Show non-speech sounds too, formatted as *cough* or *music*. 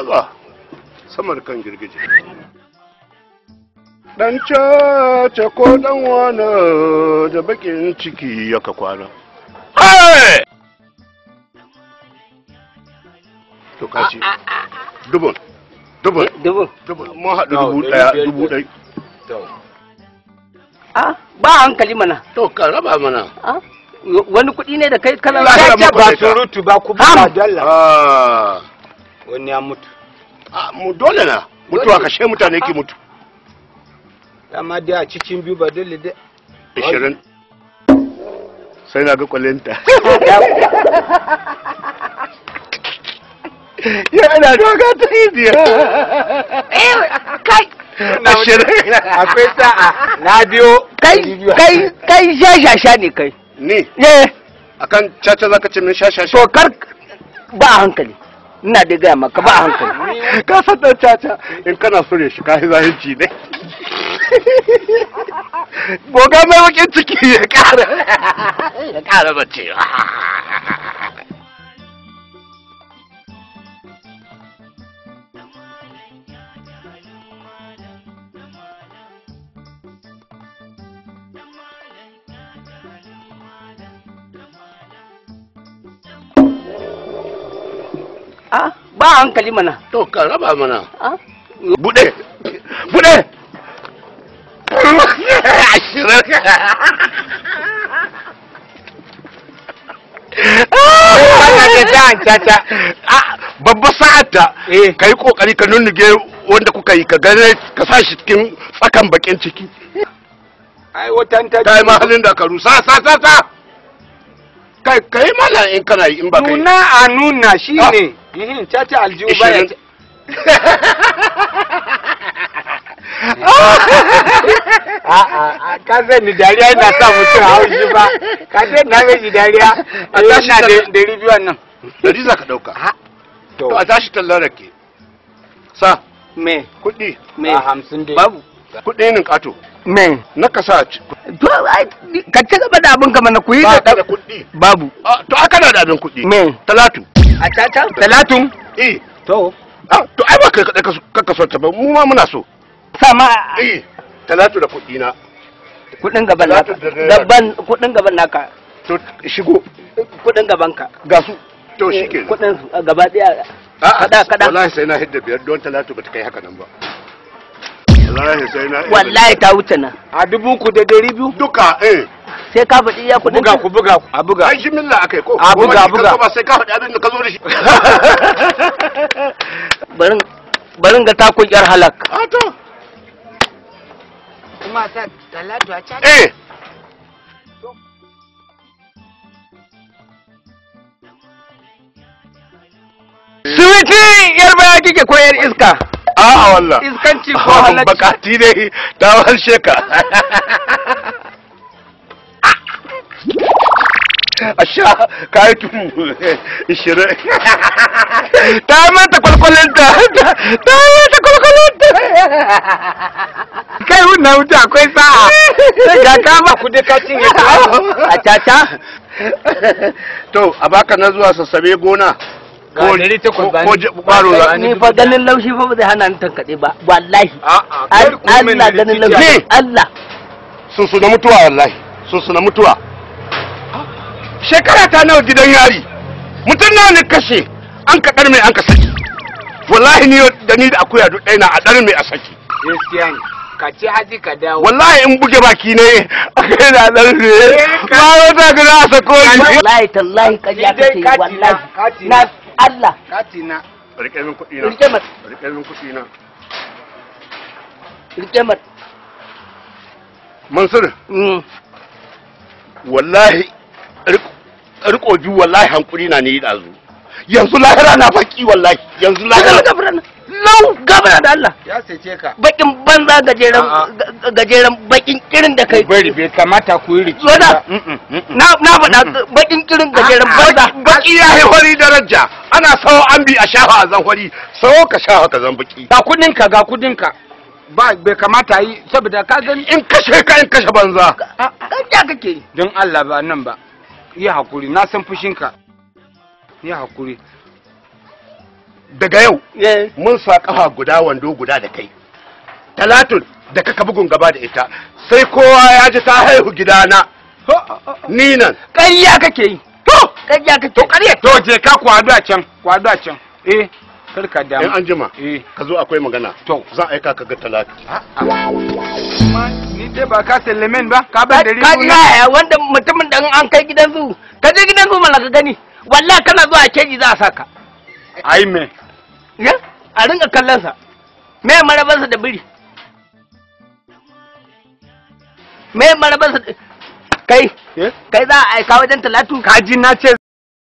yaba samar kan girgije dan caca ko dan wani da bakin ciki yaka kwana ba hankali mana to ka raba mana ah, wani kuɗi ne da kai kalan ba surutu ba ku ba dalla ah. wani ya mutu a ah, mu dole na mutuwa kashe mutane ki mutu *laughs* ma dai a cikin biyu ba dole da ishirin sai na ga kwalenta *laughs* ya ina doga ta idiya eh, kai ashirin akwai sa'a na biyo kai kai kai shashasha ne kai ni ne eh. akan caca zaka ce min shashasha to kar ba hankali ina da gaya maka ba hankali *laughs* ka san dan caca in kana so ne shi *laughs* kai zahirci ne boga mai bakin ciki ya kara *laughs* ya kara bacewa Ah, ba hankali mana to ka raba mana ah. bude bude ashirar babba sa'adta eh. ka yi kokari ka nunnuge wanda kuka yi ka gane ka sa shi cikin tsakan bakin ciki ai watan ta kai mahalin da ka sa sa sa sa kai kai mana in kana yi in ba kai nuna a nuna shine ah. yihin eh, caca aljihu baya *laughs* A'a, ka sani dariya ina sa mutum haushi ba, ka sani na mai dariya a tashi eh, na da ribiyon nan. Dari za ka ɗauka. To, a tashi tallar ke. Sa. Me. Kuɗi. Me. Hamsin dai. Babu. Kuɗi nin ƙato. Me. Na ka sa ci. To, ka ci gaba da abin kama na kuyi da kuɗi. Babu. To, aka na da abin kuɗi. Me. Talatu. a cancan talatin eh to ah, to ai ba kai ka kaso ta ba mu ma muna so sama eh talatu da kuɗi na kuɗin gaban naka gaban kuɗin gaban naka to shigo kuɗin gaban ka ga su to eh, shikenan kuɗin su gaba daya kada kada wallahi sai na hidda biyar don talatu ba ta kai haka nan ba wallahi sai na wallahi ta wuce nan a dubu ku da dari biyu duka eh sai ka faɗi iya kuɗin buga ku buga ku a buga ai jimilla akai ko a buga buga ba sai ka faɗi abin da ka zo da shi *laughs* barin barin ga takun yar halak a to kuma ta talatu a can eh Suwiti yar baya kike ko yar iska? A'a wallah. Iskanci ko halacci. Bakati dai ta sheka. *laughs* a sha kayi tun ishirin ta manta kwalkwalinta ta manta ta kai wunan wuta akwai sa'a sai ga kama ku duka cinye a tata to a baka na zuwa sassabe gona ko ɗari takwas ba ni fa ganin laushi fa ba zai hana ni tankaɗe ba wallahi Allah ganin laushi Allah sun suna mutuwa wallahi sun suna mutuwa shekara ta nawa gidan yari mutum nawa ne kashe an ka dar mai an ka saki wallahi ni da ni da akuya duk ɗaya na a dar mai a saki gaskiya ne ka ci haji ka dawo wallahi in buge baki ne a kai na dar ne eh, ba wata ga za a sako ni wallahi tallahi ka ji aka ce wallahi na Allah katina rike min kuɗi na rike mat rike min kuɗi na rike mat Mansur mm. wallahi riko biyu wallahi hankuri na ne zu yanzu lahira na baki wallahi yanzu lahira gabran lau gabra da Allah ya sace ka bakin banza gajeren gajeren bakin kirin da kai bari bai kamata ku yi rikici ba na na faɗa bakin kirin gajeren banza baki ya yi hori daraja ana sawo an bi a shafa a zan hori sawo ka shafa ka zan baki ga kudin ka ga kudin ba bai kamata yi saboda ka gani in kashe ka in kashe banza kan kake don Allah ba nan ba yi hakuri na san fushinka yi hakuri daga yau mun sa kafa guda wando guda da kai talatun da kaka bugun gaba da ita sai kowa ya ji ta haihu gidana ni nan ƙarya kake yi to ƙarya kake to ƙarya to je ka kwado a can kwado a can eh kar ka damu in an jima eh. ka zo akwai magana to zan aika ka ga talatu ah, ah. ce ba ka sallamen ba ka bar da ribu ka wanda mutumin dan an kai gidan su ka je gidan su mallaka gani wallahi kana zuwa keji za a saka ai me ya a rinka kallon sa me marabar sa da biri me marabar sa kai eh? kai za a aika wajen talatu ka ji na ce